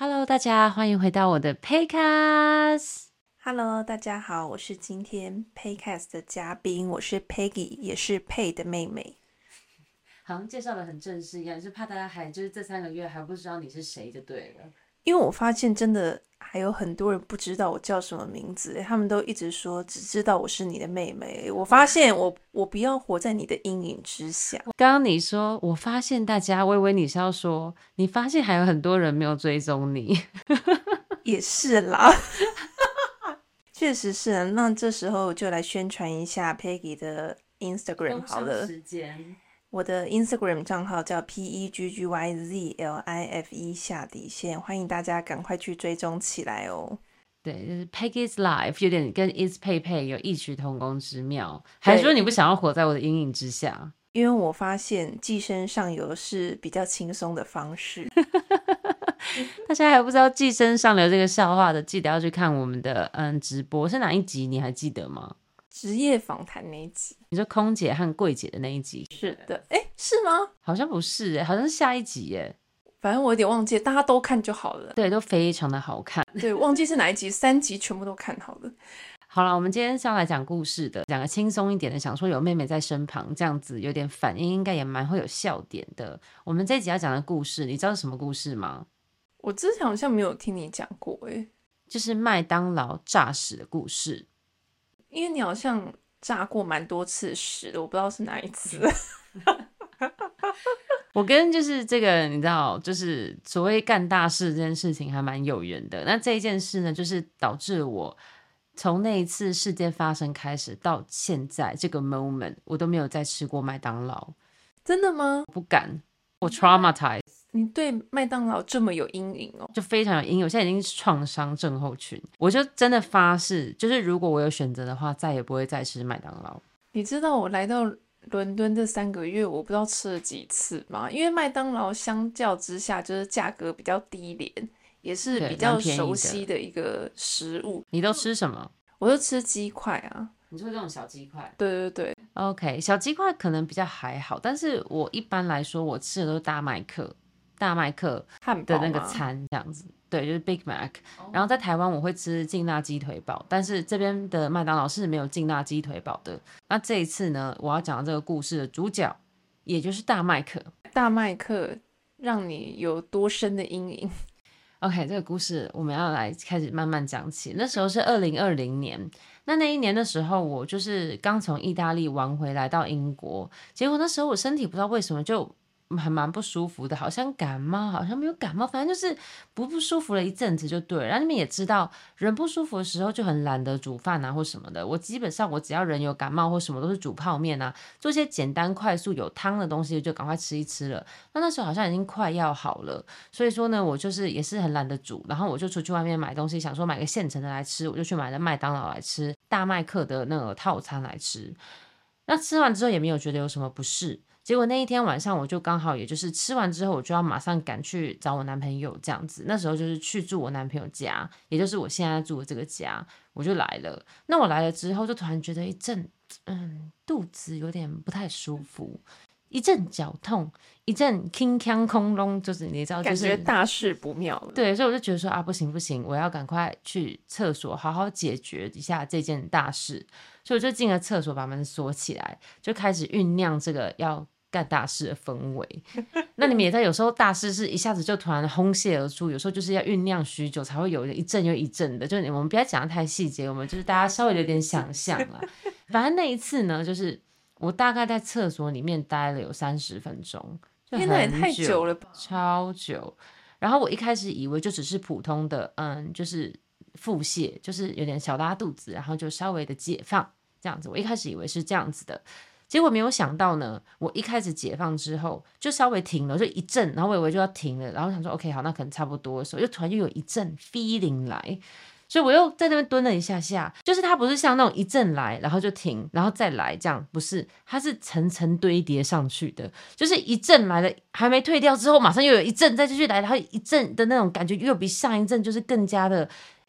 Hello，大家，歡迎回到我的 Paycast。Hello，大家好，我是今天 Paycast 的嘉賓，我是 Peggy，也是 Pay 的妹妹。 好像介紹得很正式一樣，是怕大家還就是這三個月還不知道你是誰就對了。因為我發現，真的還有很多人不知道我叫什麼名字，他們都一直說只知道我是你的妹妹。我發現我，我我不要活在你的陰影之下。剛剛你說，我發現大家微微，你是要說你發現還有很多人沒有追蹤你， 也是啦，確 實是。那這時候就來宣傳一下 Peggy 的 Instagram 好了。我的 Instagram 賬號叫 PEGGYZLIFE、e、下底線，歡迎大家趕快去追蹤起來哦。對，就是 Peggy's Life 有點跟 Is 佩佩有異曲同工之妙。對還是說你不想要活在我的陰影之下？因為我發現寄生上流是比較輕鬆的方式。 大家還不知道寄生上流這個笑話的，記得要去看我們的嗯直播是哪一集？你還記得嗎？職業訪談那一集，你說空姐和櫃姐的那一集。是的，哎、欸，是嗎？好像不是，欸，哎，好像下一集，欸，哎，反正我有點忘記，大家都看就好了。對，都非常的好看。對，忘記是哪一集，三集全部都看好了。 好了，我們今天上來講故事的，講個輕鬆一點的，想說有妹妹在身旁，這樣子有點反應，應該也蠻會有笑點的。我們這一集要講的故事，你知道是什麼故事嗎？我之前好像沒有聽你講過，欸，哎，就是麥當勞炸屎的故事。因為你好像炸過蠻多次屎的，我不知道是哪一次。 我跟就是這個，你知道，就是所謂幹大事這件事情還蠻有緣的。那這一件事呢，就是導致我從那一次事件發生開始到現在這個 moment，我都沒有再吃過麥當勞。真的嗎？不敢，我 traumatized。你對麥當勞這麼有陰影哦、喔，就非常有陰影。我現在已經是創傷症候群，我就真的發誓，就是如果我有選擇的話，再也不會再吃麥當勞。你知道我來到倫敦這三個月，我不知道吃了幾次嗎？因為麥當勞相較之下，就是價格比較低廉，也是比較熟悉的一個食物。你都吃什麼？我都吃雞塊啊。你說這種小雞塊？對對對。OK，小雞塊可能比較還好，但是我一般來說，我吃的都是大麥克。大麥克的那個餐這樣子，對，就是 Big Mac。Oh. 然後在台灣我會吃勁辣雞腿堡，但是這邊的麥當勞是沒有勁辣雞腿堡的。那這一次呢，我要講的這個故事的主角，也就是大麥克。大麥克讓你有多深的陰影？OK，這個故事我們要來開始慢慢講起。那時候是二零二零年，那那一年的時候，我就是剛從意大利玩回來到英國，結果那時候我身體不知道為什麼就。還蠻不舒服的，好像感冒，好像沒有感冒，反正就是不不舒服了一陣子就對了。然後你們也知道，人不舒服的時候就很懶得煮飯啊或什麼的。我基本上我只要人有感冒或什麼，都是煮泡麵啊，做些簡單快速有湯的東西就趕快吃一吃了。那那時候好像已經快要好了，所以說呢，我就是也是很懶得煮，然後我就出去外面買東西，想說買個現成的來吃，我就去買了麥當勞來吃，大麥克的那個套餐來吃。那吃完之後也沒有覺得有什麼不適。結果那一天晚上，我就剛好也就是吃完之後，我就要馬上趕去找我男朋友這樣子。那時候就是去住我男朋友家，也就是我現在住的這個家，我就來了。那我來了之後，就突然覺得一陣嗯，肚子有點不太舒服，一陣絞痛，一陣空腔空隆，就是你知道、就是，感覺大事不妙了。對，所以我就覺得說啊，不行不行，我要趕快去廁所好好解決一下這件大事。所以我就進了廁所，把門鎖起來，就開始醞釀這個要。幹大事的氛圍， 那你們也在。有時候大事是一下子就突然轟瀉而出，有時候就是要醞釀許久才會有一陣又一陣的。就是我們不要講得太細節，我們就是大家稍微有點想象啦。 反正那一次呢，就是我大概在廁所裡面待了有三十分鐘，就天哪，也太久了吧，超久。然後我一開始以為就只是普通的，嗯，就是腹瀉，就是有點小拉肚子，然後就稍微的解放這樣子。我一開始以為是這樣子的。結果沒有想到呢，我一開始解放之後就稍微停了，就一陣，然後我以為就要停了，然後想說 OK 好，那可能差不多的時候，又突然又有一陣 feeling 來，所以我又在那邊蹲了一下下。就是它不是像那種一陣來，然後就停，然後再來這樣，不是，它是層層堆疊上去的，就是一陣來了還沒退掉之後，馬上又有一陣再繼續來，然後一陣的那種感覺又比上一陣就是更加的。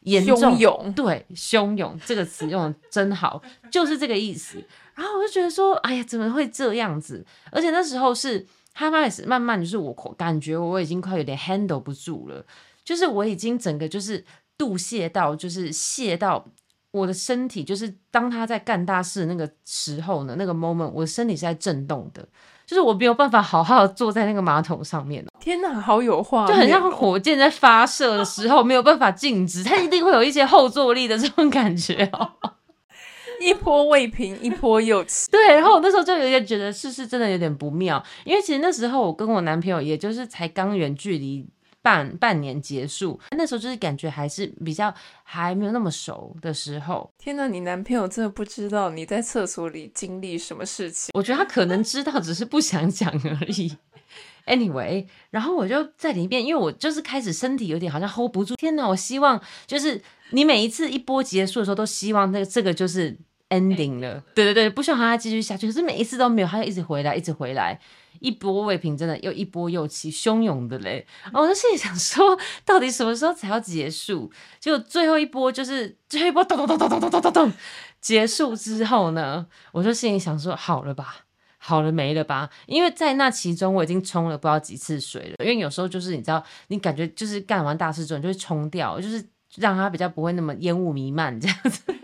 洶湧，對“洶湧”這個詞用的真好， 就是這個意思。然後我就覺得說，哎呀，怎麼會這樣子？而且那時候是，他開始慢慢就是我感覺我已經快有點 handle 不住了，就是我已經整個就是肚瀉到，就是瀉到我的身體，就是當他在幹大事那個時候呢，那個 moment，我的身體是在震動的。就是我沒有辦法好好坐在那個馬桶上面、喔、天哪，好有畫面、喔、就很像火箭在發射的時候 沒有辦法靜止，它一定會有一些後坐力的這種感覺、喔。 一波未平，一波又起。 對，然後我那時候就有點覺得事事真的有點不妙，因為其實那時候我跟我男朋友也就是才剛遠距離。半半年結束，那時候就是感覺還是比較還沒有那麼熟的時候。天哪，你男朋友真的不知道你在廁所裡經歷什麼事情？我覺得他可能知道，只是不想講而已。Anyway，然後我就在裡面，因為我就是開始身體有點好像 hold 不住。天哪，我希望就是你每一次一波結束的時候，都希望那個這個就是 ending 了。對對對，不希望他繼續下去，可是每一次都沒有，他就一直回來，一直回來。一波未平，真的又一波又起，洶湧的嘞。然後我就心裡想說，到底什麼時候才要結束？結果最後一波就是、最後一波，就是最後一波咚咚咚咚咚咚咚咚咚，結束之後呢，我就心裡想說，好了吧，好了沒了吧？因為在那其中，我已經沖了不知道幾次水了。因為有時候就是你知道，你感覺就是幹完大事之後，就會沖掉，就是讓它比較不會那麼煙霧彌漫這樣子，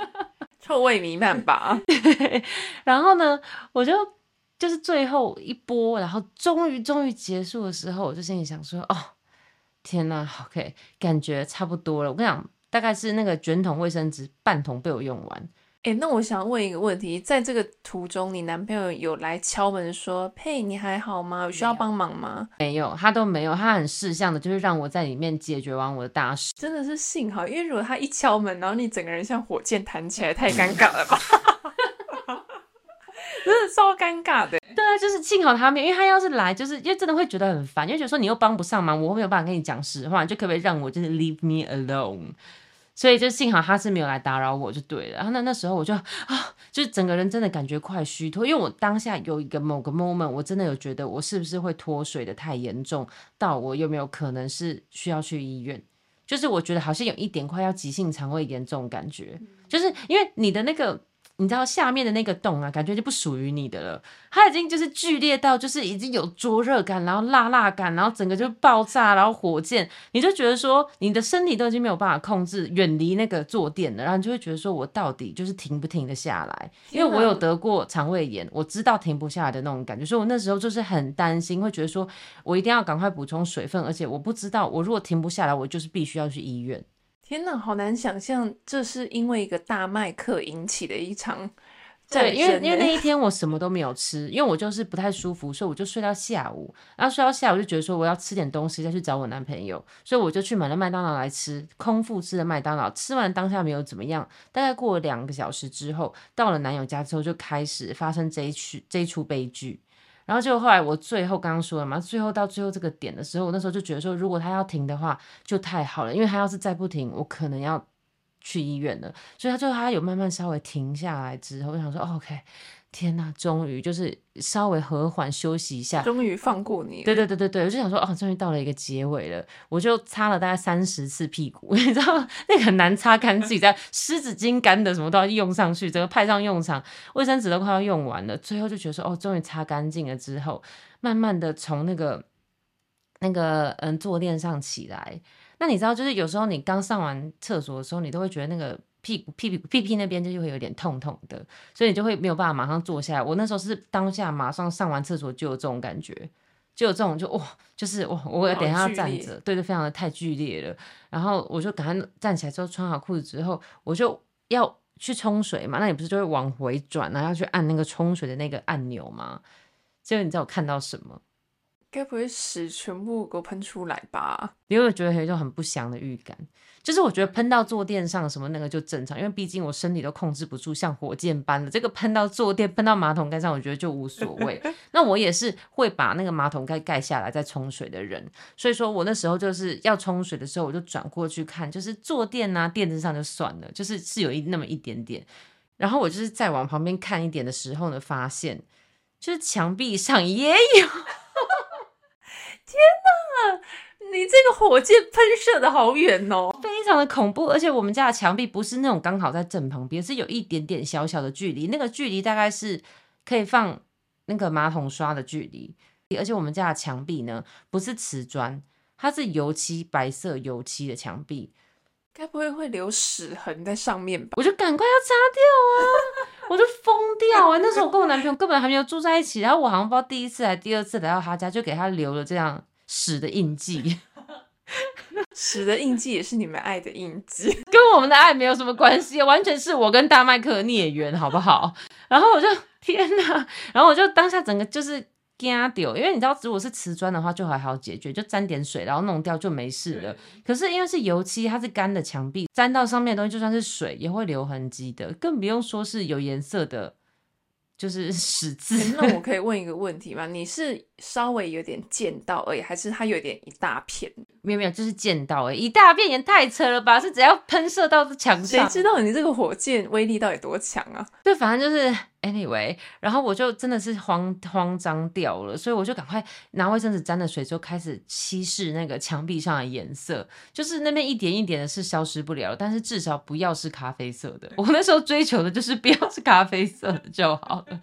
臭味彌漫吧 對。然後呢，我就。就是最後一波，然後終於終於結束的時候，我就心裡想說：“哦，天吶，OK，感覺差不多了。”我跟你講，大概是那個捲筒衛生紙半筒被我用完。哎、欸，那我想問一個問題，在這個途中，你男朋友有來敲門說：“佩、hey,，你還好嗎？有需要幫忙嗎？”沒有，他都沒有，他很識相的，就是讓我在裡面解決完我的大事。真的是幸好，因為如果他一敲門，然後你整個人像火箭彈起來，太尷尬了吧。 真的超尷尬的、欸，對啊，就是幸好他沒有，因為他要是來，就是因為真的會覺得很煩，因為覺得說你又幫不上忙，我沒有辦法跟你講實話，你就可不可以讓我就是 leave me alone？所以就幸好他是沒有來打擾我就對了。然後那那時候我就啊，就是整個人真的感覺快虛脫，因為我當下有一個某個 moment，我真的有覺得我是不是會脫水的太嚴重，到我有沒有可能是需要去醫院？就是我覺得好像有一點快要急性腸胃炎這種感覺，就是因為你的那個。你知道下面的那個洞啊，感覺就不屬於你的了。它已經就是劇烈到，就是已經有灼熱感，然後辣辣感，然後整個就爆炸，然後火箭。你就覺得說，你的身體都已經沒有辦法控制，遠離那個坐墊了。然後你就會覺得說，我到底就是停不停得下來？因為我有得過腸胃炎，我知道停不下來的那種感覺，所以我那時候就是很擔心，會覺得說我一定要趕快補充水分，而且我不知道我如果停不下來，我就是必須要去醫院。天哪，好難想象，這是因為一個大麥克引起的一場。對，因為因為那一天我什麼都沒有吃，因為我就是不太舒服，所以我就睡到下午，然後睡到下午就覺得說，我要吃點東西再去找我男朋友，所以我就去買了麥當勞來吃，空腹吃的麥當勞，吃完當下沒有怎麼樣，大概過了兩個小時之後，到了男友家之後就開始發生這一出這一出悲劇。然後就後來我最後剛剛說了嘛，最後到最後這個點的時候，我那時候就覺得說，如果他要停的話，就太好了，因為他要是再不停，我可能要去醫院了。所以他最後他有慢慢稍微停下來之後，我想說，OK。天吶，終於就是稍微和緩休息一下，終於放過你。對對對對對，我就想說，哦，終於到了一個結尾了。我就擦了大概三十次屁股，你知道，那個很難擦乾淨，濕紙巾、乾的什麼都要用上去，這個派上用場，衛生紙都快要用完了。最後就覺得說，哦，終於擦乾淨了之後，慢慢的從那個那個嗯、呃、坐墊上起來。那你知道，就是有時候你剛上完廁所的時候，你都會覺得那個。屁，屁屁屁屁那邊就是會有點痛痛的，所以你就會沒有辦法馬上坐下來。我那時候是當下馬上上完廁所就有這種感覺，就有這種就哇，就是我我等下要站着，對，就非常的太劇烈了。然後我就趕快站起來之後，穿好褲子之後，我就要去沖水嘛。那你不是就會往回轉，然後要去按那個沖水的那個按鈕嗎？結果你知道我看到什麼？該不會屎全部給我噴出來吧？因為我覺得有一種很不祥的預感，就是我覺得噴到坐墊上什麼那個就正常，因為畢竟我身體都控制不住，像火箭般的這個噴到坐墊、噴到馬桶蓋上，我覺得就無所謂。 那我也是會把那個馬桶蓋蓋下來再沖水的人，所以說我那時候就是要沖水的時候，我就轉過去看，就是坐墊啊、墊子上就算了，就是是有一那麼一點點。然後我就是再往旁邊看一點的時候呢，發現就是牆壁上也有。 天哪，你這個火箭噴射得好遠哦，非常的恐怖。而且我們家的牆壁不是那種剛好在正旁邊，是有一點點小小的距離，那個距離大概是可以放那個馬桶刷的距離。而且我們家的牆壁呢，不是瓷磚，它是油漆白色油漆的牆壁，該不會會留屎痕在上面吧？我就趕快要擦掉啊！ 我就瘋掉啊，那時候我跟我男朋友根本還沒有住在一起，然後我好像不知道第一次來、第二次來到他家，就給他留了這樣屎的印記。屎的印記也是你們愛的印記， 跟我們的愛沒有什麼關係，完全是我跟大麥克的孽緣，好不好？然後我就天哪，然後我就當下整個就是。因為你知道，如果是瓷磚的話就還好解決，就沾點水然後弄掉就沒事了。對可是因為是油漆，它是乾的牆壁，沾到上面的東西就算是水也會留痕跡的，更不用說是有顏色的，就是屎漬、欸、那我可以問一個問題嗎？你是稍微有點濺到而已，還是它有點一大片？沒有沒有，就是濺到而已、欸、，一大片也太扯了吧？是只要噴射到牆上，誰知道你這個火箭威力到底多強啊？對，反正就是。Anyway，然後我就真的是慌慌張掉了，所以我就趕快拿衛生紙沾了水就開始稀釋那個牆壁上的顏色，就是那邊一點一點的是消失不了，但是至少不要是咖啡色的。我那時候追求的就是不要是咖啡色的就好了，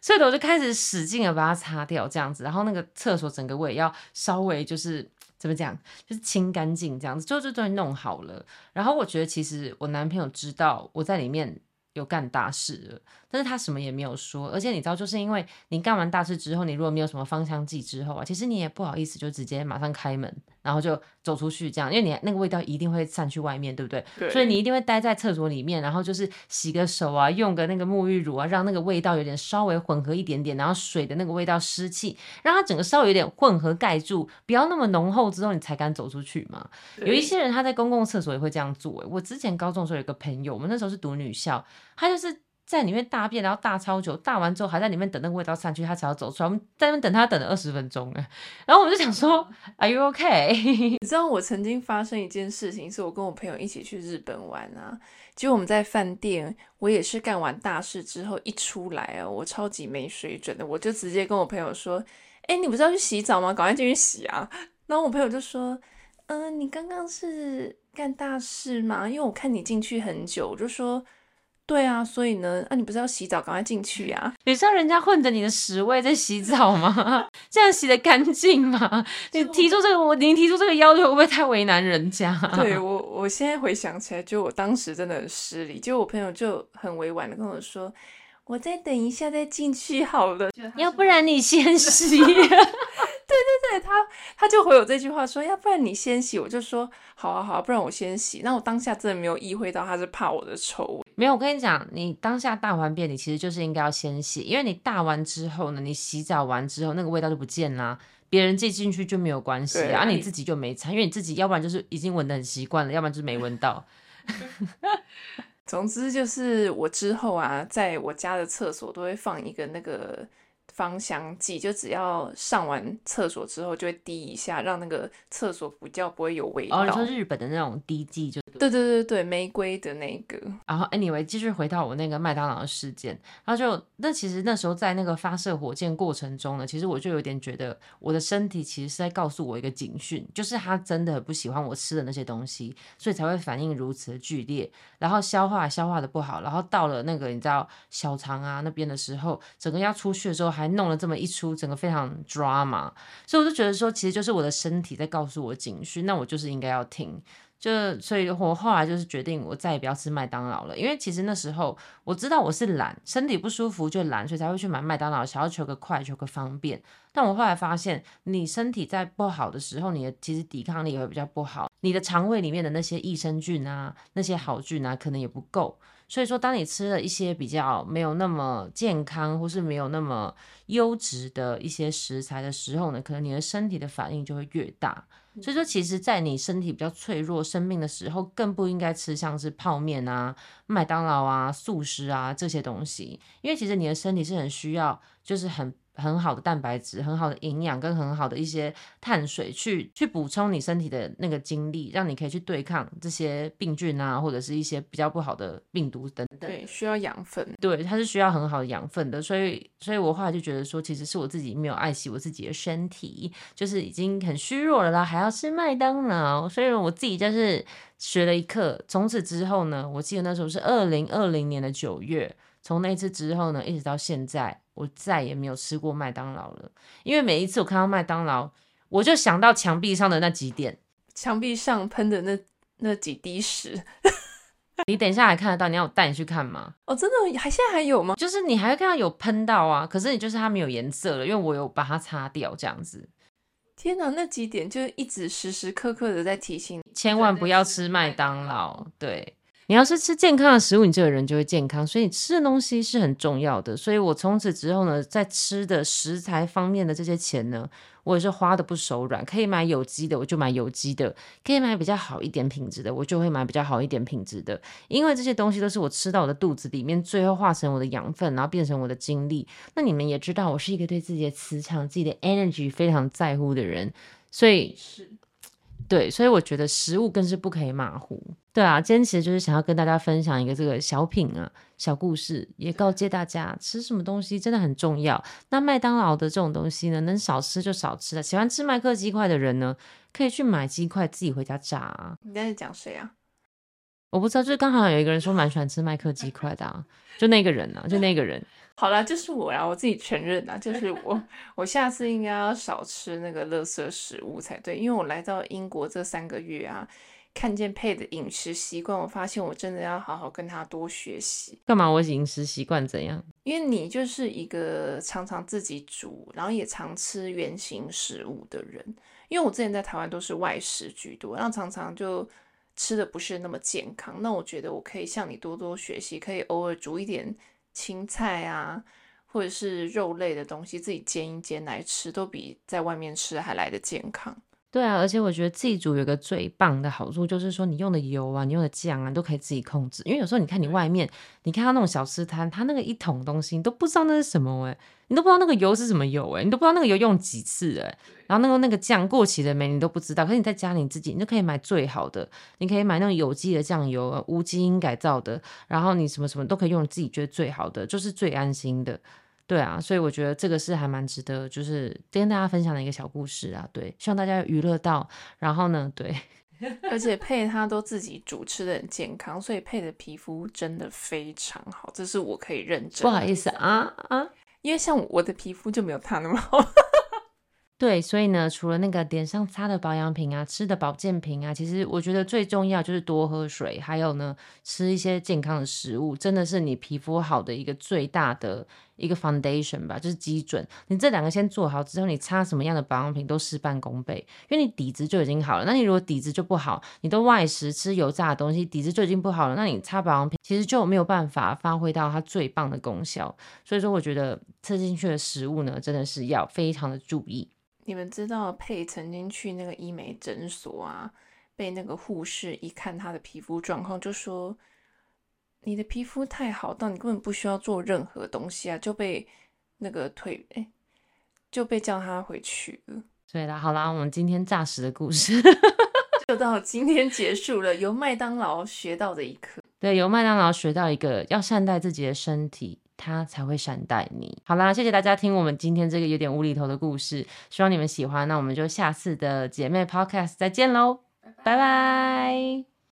所以我就開始使勁的把它擦掉，這樣子，然後那個廁所整個我也要稍微就是怎麼講，就是清乾淨這樣子，就就終於弄好了。然後我覺得其實我男朋友知道我在裡面有幹大事了。但是他什麼也沒有說，而且你知道，就是因為你幹完大事之後，你如果沒有什麼芳香劑之後啊，其實你也不好意思就直接馬上開門，然後就走出去這樣，因為你那個味道一定會散去外面，對不對？對。所以你一定會待在廁所裡面，然後就是洗個手啊，用個那個沐浴乳啊，讓那個味道有點稍微混合一點點，然後水的那個味道濕氣，讓它整個稍微有點混合蓋住，不要那麼濃厚之後，你才敢走出去嘛。對。有一些人他在公共廁所也會這樣做欸。我之前高中的時候有個朋友，我們那時候是讀女校，他就是。在裡面大便，然後大超久，大完之後還在裡面等，那個味道散去，他才要走出來。我們在那等他，他等了二十分鐘了，然後我們就想說，Are you okay？ 你知道我曾經發生一件事情，是我跟我朋友一起去日本玩啊，結果我們在飯店，我也是幹完大事之後一出來啊，我超級沒水準的，我就直接跟我朋友說，哎，你不是要去洗澡嗎？趕快進去洗啊！然後我朋友就說，嗯、呃，你剛剛是幹大事嘛，因為我看你進去很久，我就說。對啊，所以呢，啊，你不是要洗澡，趕快進去呀，啊！你知道人家混着你的屎味在洗澡嗎？ 這樣洗得乾淨嗎？你就提出這個，我您提出這個要求會不會太為難人家？對我，我現在回想起來，就我當時真的很失禮。就我朋友就很委婉的跟我說：“我再等一下再進去好了，要不然你先洗。” 對，對對對，他他就回我這句話說：“要不然你先洗。”我就說：“好啊好啊，不然我先洗。”那我當下真的沒有意會到他是怕我的臭沒有，我跟你講，你當下大完便，你其實就是應該要先洗，因為你大完之後呢，你洗澡完之後，那個味道就不見了、啊，別人借進去就沒有關係、啊，而對、啊、你自己就沒擦。因為你自己要不然就是已經聞得很習慣了， 要不然就是沒聞到。 總之就是我之後啊，在我家的廁所都會放一個那個。芳香劑，就只要上完廁所之後就會滴一下，讓那個廁所比較不會有味道。哦，oh, 你說日本的那種滴劑，就對對對對，玫瑰的那個。然後、oh，anyway，繼續回到我那個麥當勞的事件。然後就那其實那時候在那個發射火箭過程中呢，其實我就有點覺得我的身體其實是在告訴我一個警訊，就是他真的不喜歡我吃的那些東西，所以才會反應如此的劇烈，然後消化消化的不好，然後到了那個你知道小腸啊那邊的時候，整個要出去的時候還還弄了這麼一出，整個非常 drama，所以我就覺得說，其實就是我的身體在告訴我警訊，那我就是應該要聽。就所以，我後來就是決定，我再也不要吃麥當勞了，因為其實那時候我知道我是懶，身體不舒服就懶，所以才會去買麥當勞，想要求個快，求個方便。但我後來發現，你身體在不好的時候，你的其實抵抗力也會比較不好。你的腸胃裡面的那些益生菌啊，那些好菌啊，可能也不夠。所以說，當你吃了一些比較沒有那麼健康或是沒有那麼優質的一些食材的時候呢，可能你的身體的反應就會越大。所以說，其實在你身體比較脆弱生病的時候，更不應該吃像是泡麵啊、麥當勞啊、速食啊這些東西，因為其實你的身體是很需要，就是很，很好的蛋白質，很好的營養，跟很好的一些碳水去，去去補充你身體的那個精力，讓你可以去對抗這些病菌啊，或者是一些比較不好的病毒等等。對，需要養分。對，它是需要很好的養分的，所以，所以我後來就覺得說，其實是我自己沒有愛惜我自己的身體，就是已經很虛弱了啦，還要吃麥當勞。所以我自己就是學了一課，從此之後呢，我記得那時候是二零二零年的九月。從那次之後呢，一直到現在，我再也沒有吃過麥當勞了。因為每一次我看到麥當勞，我就想到牆壁上的那幾點，牆壁上噴的那那幾滴屎。 你等一下還看得到？你要我帶你去看嗎？哦，真的還現在還有嗎？就是你還會看到有噴到啊，可是你就是它沒有顏色了，因為我有把它擦掉這樣子。天哪，那幾點就一直時時刻刻的在提醒你，千萬不要吃麥當勞。對。你要是吃健康的食物，你這個人就會健康。所以你吃的東西是很重要的。所以我從此之後呢，在吃的食材方面的這些錢呢，我也是花得不手軟。可以買有機的，我就買有機的；可以買比較好一點品質的，我就會買比較好一點品質的。因為這些東西都是我吃到我的肚子裡面，最後化成我的養分，然後變成我的精力。那你們也知道，我是一個對自己的磁場、自己的 energy 非常在乎的人，所以。是對，所以我覺得食物更是不可以馬虎。對啊，今天其實就是想要跟大家分享一個這個小品啊、小故事，也告誡大家吃什麼東西真的很重要。對那麥當勞的這種東西呢，能少吃就少吃了。喜歡吃麥克雞塊的人呢，可以去買雞塊自己回家炸啊。你那是講誰啊？我不知道，就是剛好有一個人說蠻喜歡吃麥克雞塊的啊，就那個人啊，就那個人。 好啦，就是我啦，我自己承認啦，就是我。 我下次應該要少吃那個垃圾食物才對，因為我來到英國這三個月啊，看見佩的飲食習慣，我發現我真的要好好跟他多學習。幹嘛？我飲食習慣怎樣？因為你就是一個常常自己煮，然後也常吃原型食物的人。因為我之前在台灣都是外食居多，然後常常就吃的不是那麼健康。那我覺得我可以向你多多學習，可以偶爾煮一點。青菜啊，或者是肉類的東西，自己煎一煎來吃，都比在外面吃還來得健康。對啊，而且我覺得自己煮有個最棒的好處，就是說你用的油啊，你用的醬啊，都可以自己控制。因為有時候你看你外面，你看到那種小吃攤，它那個一桶東西，你都不知道那是什麼欸，你都不知道那個油是什麼油欸，你都不知道那個油用幾次欸，然後那個那個醬過期了沒，你都不知道。可是你在家裡自己，你就可以買最好的，你可以買那種有機的醬油，無基因改造的，然後你什麼什麼都可以用自己覺得最好的，就是最安心的。對啊，所以我覺得這個是還蠻值得，就是跟大家分享的一個小故事啊。對，希望大家有娛樂到。然後呢，對，而且配他都自己煮吃得很健康，所以配的皮膚真的非常好，這是我可以認證。不好意思啊啊，因為像我的皮膚就沒有他那麼好。 對，所以呢，除了那個臉上擦的保養品啊，吃的保健品啊，其實我覺得最重要就是多喝水，還有呢，吃一些健康的食物，真的是你皮膚好的一個最大的。一個 foundation 吧，就是基準。你這兩個先做好，之後你擦什麼樣的保養品都事半功倍，因為你底子就已經好了。那你如果底子就不好，你都外食吃油炸的東西，底子就已經不好了，那你擦保養品其實就沒有辦法發揮到它最棒的功效。所以說，我覺得吃進去的食物呢，真的是要非常的注意。你們知道佩曾經去那個醫美診所啊，被那個護士一看她的皮膚狀況，就說。你的皮膚太好到你根本不需要做任何東西啊，就被那個退、欸，就被叫他回去了。所以啦，好啦，我們今天炸屎的故事 就到今天結束了。由麥當勞學到的一課，對，由麥當勞學到一個要善待自己的身體，它才會善待你。好啦，謝謝大家聽我們今天這個有點無厘頭的故事，希望你們喜歡。那我們就下次的姐妹 Podcast 再見嘍，拜拜 bye。Bye bye